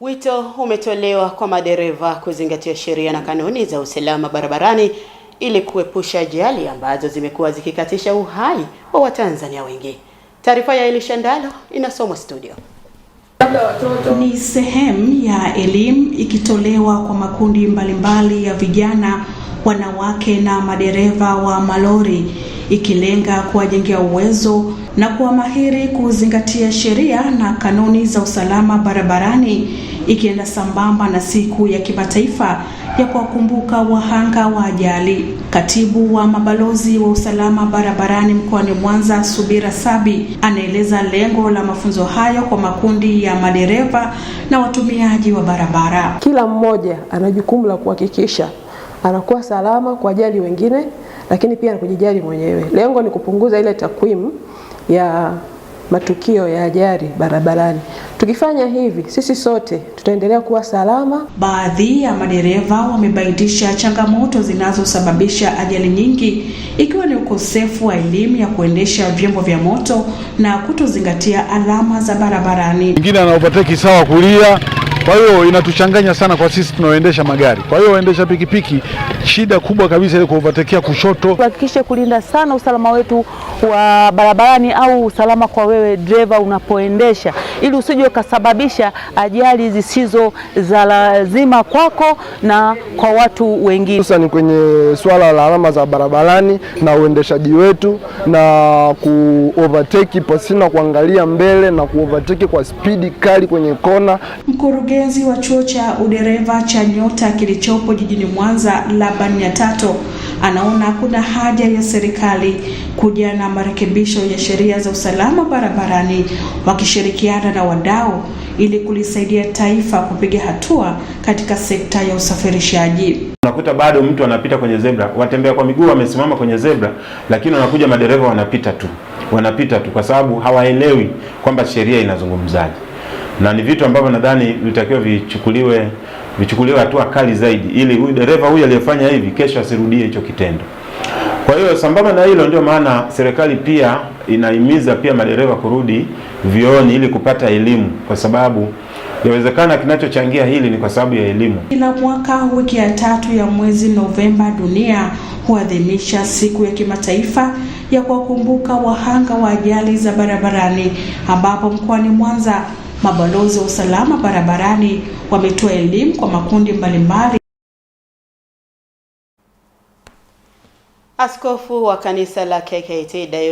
Wito umetolewa kwa madereva kuzingatia sheria na kanuni za usalama barabarani ili kuepusha ajali ambazo zimekuwa zikikatisha uhai wa Watanzania wengi. Taarifa ya Elisha Ndalo inasomwa studio. Ni sehemu ya elimu ikitolewa kwa makundi mbalimbali ya vijana, wanawake na madereva wa malori ikilenga kuwajengea uwezo na kuwa mahiri kuzingatia sheria na kanuni za usalama barabarani, ikienda sambamba na siku ya kimataifa ya kuwakumbuka wahanga wa ajali. Katibu wa mabalozi wa usalama barabarani mkoani Mwanza, Subira Sabi, anaeleza lengo la mafunzo hayo kwa makundi ya madereva na watumiaji wa barabara. Kila mmoja ana jukumu la kuhakikisha anakuwa salama kwa ajali wengine lakini pia kujijali mwenyewe. Lengo ni kupunguza ile takwimu ya matukio ya ajali barabarani. Tukifanya hivi, sisi sote tutaendelea kuwa salama. Baadhi ya madereva wamebainisha changamoto zinazosababisha ajali nyingi, ikiwa ni ukosefu wa elimu ya kuendesha vyombo vya moto na kutozingatia alama za barabarani. Mwingine ana overtake sawa kulia kwa hiyo inatuchanganya sana kwa sisi tunaoendesha magari. Kwa hiyo waendesha pikipiki, shida kubwa kabisa ile kuovatekea kushoto. hakikishe kulinda sana usalama wetu wa barabarani au usalama kwa wewe dereva unapoendesha ili usije ukasababisha ajali zisizo za lazima kwako na kwa watu wengine, hususani kwenye swala la alama za barabarani na uendeshaji wetu na ku overtake pasina kuangalia mbele na ku overtake kwa spidi kali kwenye kona. Mkurugenzi wa chuo cha udereva cha Nyota kilichopo jijini Mwanza Laban Nyatato anaona hakuna haja ya serikali kuja na marekebisho ya sheria za usalama barabarani wakishirikiana na wadau ili kulisaidia taifa kupiga hatua katika sekta ya usafirishaji. Unakuta bado mtu anapita kwenye zebra, watembea kwa miguu wamesimama kwenye zebra, lakini wanakuja madereva wanapita tu, wanapita tu kwa sababu hawaelewi kwamba sheria inazungumzaje na ni vitu ambavyo nadhani vilitakiwa vichukuliwe vichukuliwe hatua kali zaidi, ili huyu dereva huyu aliyefanya hivi kesho asirudie hicho kitendo. Kwa hiyo sambamba na hilo, ndio maana serikali pia inahimiza pia madereva kurudi vioni ili kupata elimu, kwa sababu yawezekana kinachochangia hili ni kwa sababu ya elimu. Kila mwaka wiki ya tatu ya mwezi Novemba, dunia huadhimisha siku ya kimataifa ya kuwakumbuka wahanga wa ajali za barabarani, ambapo mkoani Mwanza Mabalozi wa usalama barabarani wametoa elimu kwa makundi mbalimbali. Askofu wa kanisa la KKKT